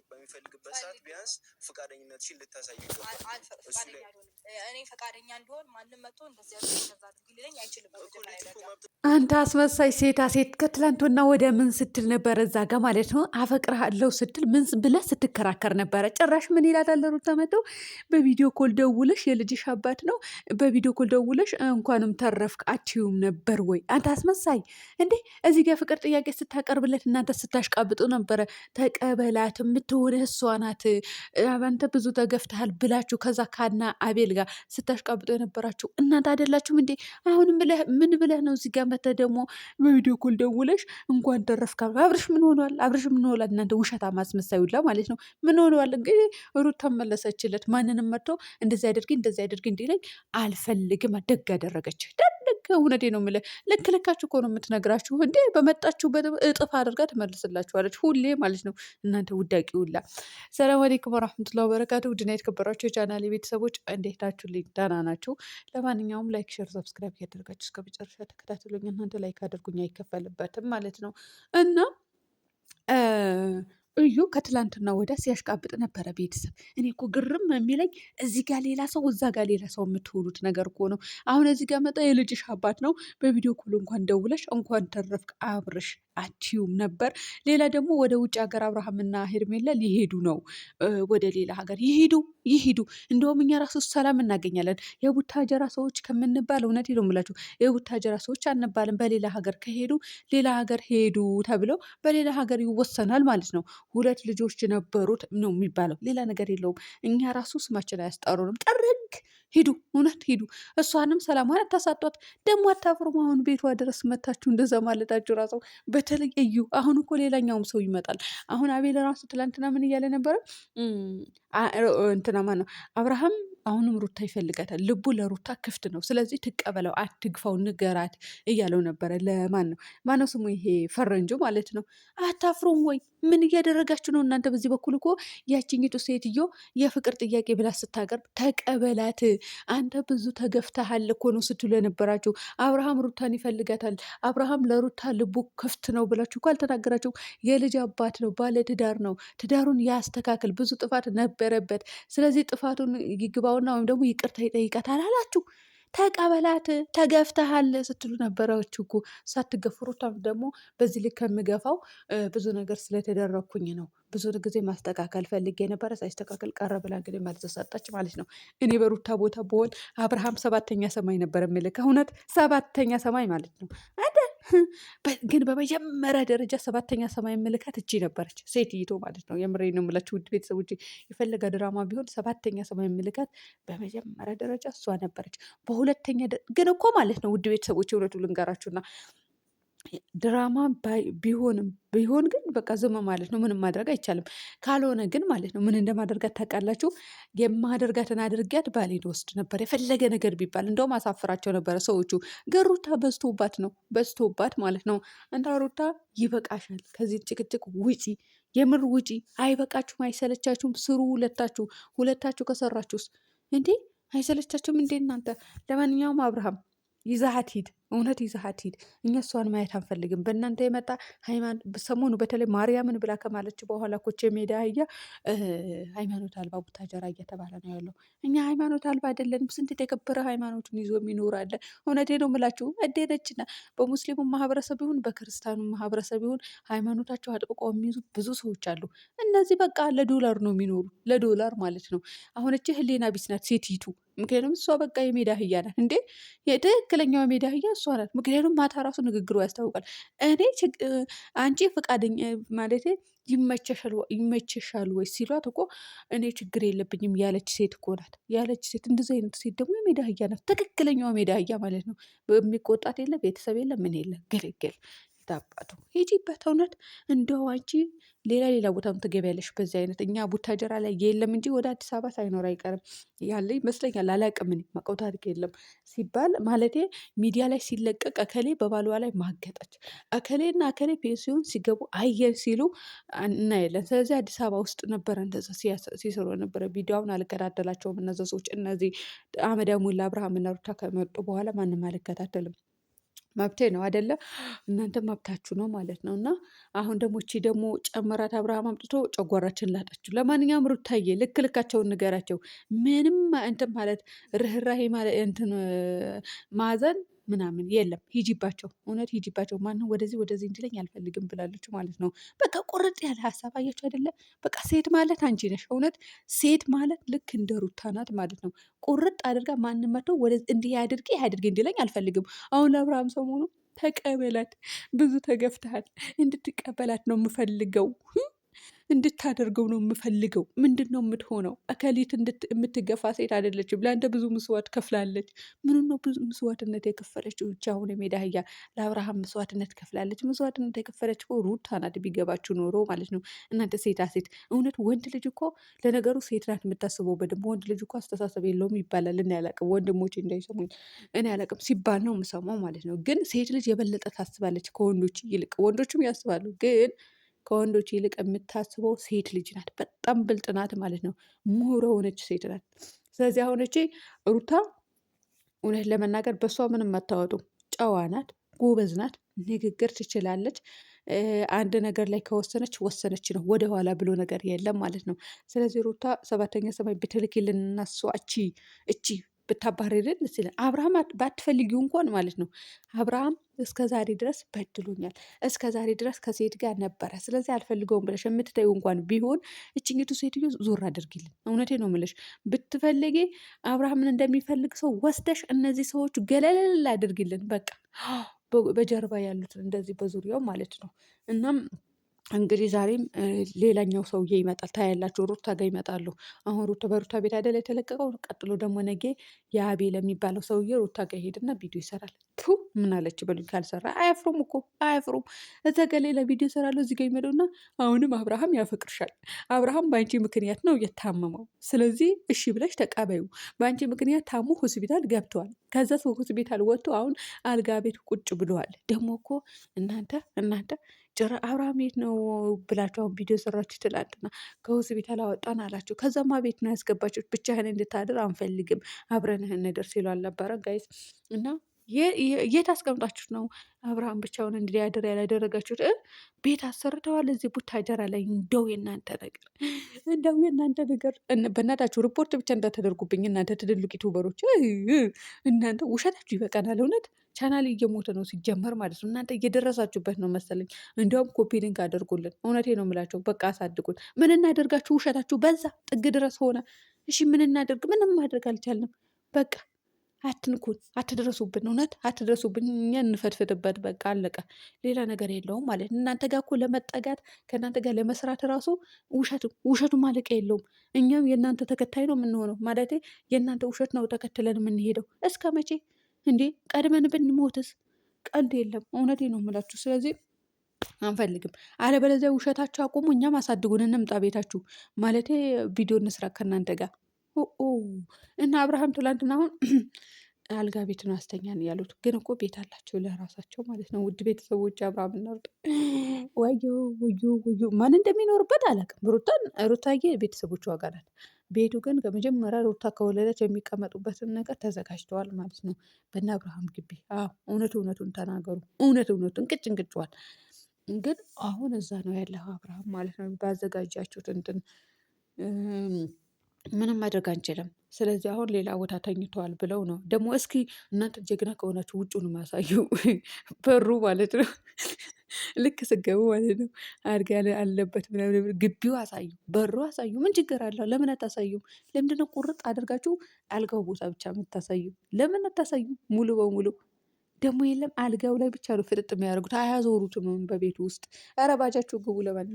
መጠየቅ በሚፈልግበት ሰዓት ቢያንስ ፈቃደኝነት ሲል ልታሳይ ይገባል። እኔ ፈቃደኛ እንዲሆን ማንም መጥቶ እንደዚህ ሊለኝ አይችልም። አንተ አስመሳይ ሴታ ሴት ከትላንትና ወደ ምን ስትል ነበረ እዛ ጋ ማለት ነው። አፈቅርሃለሁ ስትል ምን ብለህ ስትከራከር ነበረ። ጭራሽ ምን ይላል አለሩ መጥተው በቪዲዮ ኮል ደውለሽ የልጅሽ አባት ነው በቪዲዮ ኮል ደውለሽ እንኳንም ተረፍክ አትዩም ነበር ወይ? አንተ አስመሳይ እንዴ! እዚህ ጋ ፍቅር ጥያቄ ስታቀርብለት እናንተ ስታሽቃብጡ ነበረ። ተቀበላት የምትሆንህ እሷ ናት፣ አንተ ብዙ ተገፍተሃል ብላችሁ ከዛ ካና አቤል ጋር ስታሽቃብጦ የነበራችሁ እናንተ አይደላችሁም እንዴ? አሁን ምን ብለህ ነው እዚህ ጋር መተህ ደግሞ በቪዲዮ ኮል ደውለሽ እንኳን ደረፍካ አብርሽ ምን ሆኗል? አብርሽ ምን ሆኗል? እናንተ ውሸታ ማስመሳዩላ ማለት ነው። ምን ሆኗል? እንግዲህ ሩታ ተመለሰችለት። ማንንም መጥቶ እንደዚህ አድርጊ እንደዚህ አድርጊ እንዲለኝ አልፈልግም። ደግ አደረገች። እውነቴ ነው የምልህ። ልክ ልካችሁ እኮ ነው የምትነግራችሁ እንዴ! በመጣችሁበት እጥፍ አድርጋ ትመልስላችኋለች ሁሌ ማለት ነው። እናንተ ውዳቂ ውላ ሰላም አለይኩም ወራህመቱላሂ ወበረካቱ። ውድና የተከበራችሁ የቻናል ቤተሰቦች እንዴት ናችሁ? ደህና ናችሁ? ለማንኛውም ላይክ፣ ሸር ሰብስክራይብ እያደረጋችሁ እስከ መጨረሻ እናንተ ላይክ አድርጉኝ አይከፈልበትም ማለት ነው እና እዩ ከትላንትና ወዳ ሲያሽቃብጥ ነበረ። ቤተሰብ እኔ እኮ ግርም የሚለኝ እዚህ ጋር ሌላ ሰው እዛ ጋር ሌላ ሰው የምትውሉት ነገር እኮ ነው። አሁን እዚህ ጋር መጣ የልጅሽ አባት ነው። በቪዲዮ ኮል እንኳን ደውለሽ እንኳን ተረፍክ አብርሽ አትዩም ነበር። ሌላ ደግሞ ወደ ውጭ ሀገር አብርሃምና ሄርሜላ ሊሄዱ ነው። ወደ ሌላ ሀገር ይሄዱ ይሄዱ። እንደውም እኛ ራሱ ሰላም እናገኛለን። የቡታጀራ ሰዎች ከምንባል እውነት ሄዱ ምላችሁ የቡታጀራ ሰዎች አንባልም። በሌላ ሀገር ከሄዱ ሌላ ሀገር ሄዱ ተብለው በሌላ ሀገር ይወሰናል ማለት ነው። ሁለት ልጆች ነበሩት ነው የሚባለው። ሌላ ነገር የለውም። እኛ ራሱ ስማችን አያስጠሩንም። ጥርግ ሂዱ፣ እውነት ሂዱ። እሷንም ሰላሟን አታሳጧት። ደግሞ አታፍሩም? አሁን ቤቷ ድረስ መታችሁ እንደዛ ማለዳችሁ ራሱ። በተለይ እዩ፣ አሁን እኮ ሌላኛውም ሰው ይመጣል። አሁን አቤል ራሱ ትላንትና ምን እያለ ነበረ? እንትና ማን ነው አብርሃም አሁንም ሩታ ይፈልጋታል። ልቡ ለሩታ ክፍት ነው። ስለዚህ ትቀበለው፣ አትግፋው፣ ንገራት እያለው ነበረ። ለማን ነው ማነው ስሙ? ይሄ ፈረንጆ ማለት ነው። አታፍሩም ወይ? ምን እያደረጋችሁ ነው እናንተ? በዚህ በኩል እኮ ያችኝቱ ሴትዮ የፍቅር ጥያቄ ብላ ስታቀርብ ተቀበላት፣ አንተ ብዙ ተገፍተሃል እኮ ነው ስትሉ የነበራችሁ። አብርሃም ሩታን ይፈልጋታል፣ አብርሃም ለሩታ ልቡ ክፍት ነው ብላችሁ እኮ አልተናገራችሁ። የልጅ አባት ነው፣ ባለ ትዳር ነው። ትዳሩን ያስተካክል። ብዙ ጥፋት ነበረበት። ስለዚህ ጥፋቱን ይግባ ይግባውና ወይም ደግሞ ይቅርታ ይጠይቀታል አላችሁ። ተቀበላት ተገፍተሃል ስትሉ ነበረች እኮ ሳትገፉ። ሩታም ደግሞ በዚህ ልክ ከምገፋው ብዙ ነገር ስለተደረግኩኝ ነው ብዙ ጊዜ ማስተካከል ፈልጌ የነበረ ሳይስተካከል ቀረ ብላ እንግዲህ መልስ ሰጠች ማለት ነው። እኔ በሩታ ቦታ በሆን አብርሃም ሰባተኛ ሰማይ ነበር የምልህ ከእውነት ሰባተኛ ሰማይ ማለት ነው። አደ ግን በመጀመሪያ ደረጃ ሰባተኛ ሰማይ መለካት እጅ ነበረች፣ ሴትይቶ ማለት ነው። የምሬ ነው የምላችሁ ውድ ቤተሰቦች፣ የፈለገ ድራማ ቢሆን ሰባተኛ ሰማይ መለካት በመጀመሪያ ደረጃ እሷ ነበረች። በሁለተኛ ግን እኮ ማለት ነው ውድ ቤተሰቦች፣ እውነቱ ልንገራችሁና ድራማ ቢሆንም ቢሆን ግን በቃ ዝም ማለት ነው። ምንም ማድረግ አይቻልም። ካልሆነ ግን ማለት ነው ምን እንደማደርጋት ታውቃላችሁ? የማደርጋትን አድርጊያት ባሌን ወስድ ነበር የፈለገ ነገር ቢባል። እንደውም አሳፍራቸው ነበረ ሰዎቹ። ግን ሩታ በዝቶባት ነው በዝቶባት ማለት ነው። እና ሩታ ይበቃሻል፣ ከዚህ ጭቅጭቅ ውጪ፣ የምር ውጪ። አይበቃችሁም? አይሰለቻችሁም? ስሩ ሁለታችሁ ሁለታችሁ ከሰራችሁስ እንዴ አይሰለቻችሁም እንዴ እናንተ? ለማንኛውም አብርሃም ይዛሃት ሂድ እውነት ይዘሃት ሂድ። እኛ እሷን ማየት አንፈልግም። በእናንተ የመጣ ሰሞኑ በተለይ ማርያምን ብላ ከማለች በኋላ ኮቼ ሜዳ አህያ ሃይማኖት አልባ ቡታጀራ እየተባለ ነው ያለው። እኛ ሃይማኖት አልባ አይደለንም። ስንት የተከበረ ሃይማኖቱን ይዞ የሚኖር አለ። እውነቴ ነው የምላችሁ። እዴነችና በሙስሊሙ ማህበረሰብ ይሁን በክርስቲያኑ ማህበረሰብ ይሁን ሃይማኖታቸው አጥብቀው የሚይዙ ብዙ ሰዎች አሉ። እነዚህ በቃ ለዶላር ነው የሚኖሩ፣ ለዶላር ማለት ነው። አሁን እቺ ህሊና ቢስ ናት ሴቲቱ ምክንያቱም እሷ በቃ የሜዳ አህያ ናት እንዴ! የትክክለኛው የሜዳ አህያ እሷ ናት። ምክንያቱም ማታ ራሱ ንግግሩ ያስታውቃል። እኔ አንቺ ፈቃደኛ ማለት ይመቸሻል ወይ ሲሏት እኮ እኔ ችግር የለብኝም ያለች ሴት እኮ ናት ያለች ሴት። እንደዚህ አይነት ሴት ደግሞ የሜዳ አህያ ናት። ትክክለኛው የሜዳ አህያ ማለት ነው። የሚቆጣት የለ ቤተሰብ የለ ምን የለ ገለገል በአባቱ ሂጂበት። እውነት እንደው አንቺ ሌላ ሌላ ቦታም ትገቢያለሽ በዚህ አይነት እኛ ቡታጀራ ላይ የለም እንጂ ወደ አዲስ አበባ ሳይኖር አይቀርም ያለ ይመስለኛል። አላውቅም እኔ የማውቀው ታሪክ የለም ሲባል ማለቴ ሚዲያ ላይ ሲለቀቅ እከሌ በባልዋ ላይ ማገጠች እከሌና እከሌ ፔንሲዮን ሲገቡ አየን ሲሉ እናያለን። ስለዚህ አዲስ አበባ ውስጥ ነበረ ሲሰሩ ነበረ። ቪዲዮውን አልከታተላቸውም እነዛ ሰዎች እነዚህ አመዳሙላ አብርሃምና ሩታ ከመጡ በኋላ ማንም አልከታተልም። መብቴ ነው አደለ? እናንተም መብታችሁ ነው ማለት ነው። እና አሁን ደግሞ እቺ ደግሞ ጨመራት አብርሃም አምጥቶ ጨጓራችን ላጠችው። ለማንኛውም ሩታዬ ልክ ልካቸውን ንገራቸው። ምንም እንትን ማለት ርኅራሄ ማለት እንትን ማዘን ምናምን የለም። ሂጂባቸው፣ እውነት ሂጂባቸው። ማንም ወደዚህ ወደዚህ እንዲለኝ አልፈልግም ብላለች ማለት ነው። በቃ ቁርጥ ያለ ሀሳብ አያቸው አይደለም? በቃ ሴት ማለት አንቺ ነሽ። እውነት ሴት ማለት ልክ እንደ ሩታ ናት ማለት ነው። ቁርጥ አድርጋ ማንም መጥቶ እንዲህ ያድርጌ ያድርጌ እንዲለኝ አልፈልግም። አሁን ለአብርሃም ሰሞኑ ተቀበላት፣ ብዙ ተገፍተሃል፣ እንድትቀበላት ነው የምፈልገው እንድታደርገው ነው የምፈልገው። ምንድን ነው የምትሆነው? እከሊት የምትገፋ ሴት አይደለችም። ለአንተ ብዙ ምስዋት ከፍላለች። ምኑ ነው ብዙ ምስዋትነት የከፈለችው? ብቻ አሁን የሜዳ አህያ ለአብርሃም ምስዋትነት ከፍላለች። ምስዋትነት የከፈለች እኮ ሩታ ናት። ቢገባችሁ ኖሮ ማለት ነው እናንተ ሴታ ሴት። እውነት ወንድ ልጅ እኮ ለነገሩ ሴት ናት የምታስበው በደንብ። ወንድ ልጅ እኮ አስተሳሰብ የለውም ይባላል። እኔ አላቅም፣ ወንድሞች እንዳይሰሙኝ እኔ አላቅም ሲባል ነው የምሰማው ማለት ነው። ግን ሴት ልጅ የበለጠ ታስባለች ከወንዶች ይልቅ። ወንዶችም ያስባሉ ግን ከወንዶች ይልቅ የምታስበው ሴት ልጅ ናት። በጣም ብልጥ ናት ማለት ነው። ምሁር የሆነች ሴት ናት። ስለዚህ አሁን ሩታ እውነት ለመናገር በእሷ ምንም አታወጡም። ጨዋ ናት፣ ጎበዝ ናት፣ ንግግር ትችላለች። አንድ ነገር ላይ ከወሰነች ወሰነች ነው፣ ወደኋላ ብሎ ነገር የለም ማለት ነው። ስለዚህ ሩታ ሰባተኛ ሰማይ ብትልኪልን እና እቺ እቺ ብታባረርን ስለ አብርሃም ባትፈልጊው እንኳን ማለት ነው አብርሃም እስከ ዛሬ ድረስ በድሎኛል። እስከ ዛሬ ድረስ ከሴት ጋር ነበረ ስለዚህ አልፈልገውም ብለሽ የምትተይው እንኳን ቢሆን እችኝቱ ሴትዮ ዞር አድርጊልን። እውነቴ ነው የምልሽ ብትፈልጊ አብርሃምን እንደሚፈልግ ሰው ወስደሽ እነዚህ ሰዎች ገለል አድርጊልን። በቃ በጀርባ ያሉትን እንደዚህ በዙሪያው ማለት ነው። እናም እንግዲህ ዛሬም ሌላኛው ሰውዬ ይመጣል ታያላችሁ። ሩታ ጋር ይመጣሉ። አሁን ሩታ በሩታ ቤት አይደል የተለቀቀው። ቀጥሎ ደግሞ ነገ የአቤል የሚባለው ሰውዬ ሩታ ጋር ይሄድና ቪዲዮ ይሰራል። ቱ ምን አለች በሉኝ። ካልሰራ አያፍሩም እኮ አያፍሩም። እዛ ጋር ሌላ ቪዲዮ ይሰራለሁ። እዚህ ጋር ይመደውና አሁንም አብርሃም ያፈቅርሻል። አብርሃም በአንቺ ምክንያት ነው የታመመው። ስለዚህ እሺ ብለሽ ተቀበዩ። በአንቺ ምክንያት ታሞ ሆስፒታል ገብተዋል። ከዛ ሰው ሆስፒታል ወጥቶ አሁን አልጋ ቤት ቁጭ ብለዋል። ደግሞ እኮ እናንተ እናንተ ጭራ አብርሃም ቤት ነው ብላችሁ አሁን ቪዲዮ ሰራችሁ። ትላንትና ከሆስፒታል ቤት አላወጣን አላችሁ። ከዛማ ቤት ነው ያስገባችሁ። ብቻህን እንድታደር አንፈልግም፣ አብረንህን ነገር ሲሉ አልነበረ ጋይስ እና የት አስቀምጣችሁት ነው አብርሃም ብቻውን እንዲያድር ያላደረጋችሁት? ቤት አሰርተዋል እዚህ ቡታጀራ ላይ። እንደው የእናንተ ነገር እንደው የእናንተ ነገር በእናታችሁ ሪፖርት ብቻ እንዳተደርጉብኝ እናንተ ትልልቅ ዩቱበሮች፣ እናንተ ውሸታችሁ ይበቃናል። እውነት ቻናል እየሞተ ነው ሲጀመር ማለት ነው። እናንተ እየደረሳችሁበት ነው መሰለኝ። እንዲያውም ኮፒ ሊንክ አድርጉልን። እውነቴ ነው የምላቸው። በቃ አሳድጉን። ምን እናደርጋችሁ? ውሸታችሁ በዛ ጥግ ድረስ ሆነ። እሺ ምን እናደርግ? ምንም ማድረግ አልቻልንም። በቃ አትንኩን፣ አትድረሱብን፣ እውነት አትድረሱብን። እኛ እንፈድፍድበት በቃ አለቀ። ሌላ ነገር የለውም ማለት እናንተ ጋር እኮ ለመጠጋት ከእናንተ ጋር ለመስራት ራሱ ውሸት ውሸቱ ማለቀ የለውም። እኛም የእናንተ ተከታይ ነው የምንሆነው፣ ማለት የእናንተ ውሸት ነው ተከትለን የምንሄደው። እስከ መቼ እንዴ? ቀድመን ብንሞትስ? ቀልድ የለም። እውነቴ ነው የምላችሁ። ስለዚህ አንፈልግም። አለበለዚያ ውሸታችሁ አቁሙ፣ እኛም አሳድጉን፣ እንምጣ ቤታችሁ። ማለቴ ቪዲዮ እንስራ ከእናንተ ጋር እና አብርሃም ትላንትና አሁን አልጋ ቤት ነው ያስተኛን ያሉት፣ ግን እኮ ቤት አላቸው ለራሳቸው ማለት ነው። ውድ ቤተሰቦች አብርሃም እናሩት ወዩ ወዩ ወዩ ማን እንደሚኖርበት አላውቅም። ሩታን ሩታዬ ቤተሰቦች ዋጋ ናት። ቤቱ ግን ከመጀመሪያ ሩታ ከወለደች የሚቀመጡበትን ነገር ተዘጋጅተዋል ማለት ነው። በእነ አብርሃም ግቢ። እውነት እውነቱን ተናገሩ። እውነት እውነቱን ቅጭ እንቅጭዋል። ግን አሁን እዛ ነው ያለው አብርሃም ማለት ነው። ባዘጋጃችሁት እንትን ምንም ማድረግ አንችልም። ስለዚህ አሁን ሌላ ቦታ ተኝተዋል ብለው ነው ደግሞ። እስኪ እናንተ ጀግና ከሆናችሁ ውጩን ማሳዩ በሩ ማለት ነው። ልክ ስገቡ ማለት ነው አድጋ አለበት ምናምን ግቢው አሳዩ፣ በሩ አሳዩ። ምን ችግር አለው? ለምን አታሳዩም? ለምንድነው ቁርጥ አድርጋችሁ አልጋው ቦታ ብቻ የምታሳዩ? ለምን አታሳዩ? ሙሉ በሙሉ ደግሞ የለም አልጋው ላይ ብቻ ነው ፍጥጥ የሚያደርጉት። አያዞሩትም በቤቱ ውስጥ። ኧረ ባጃችሁ ግቡ ለማለት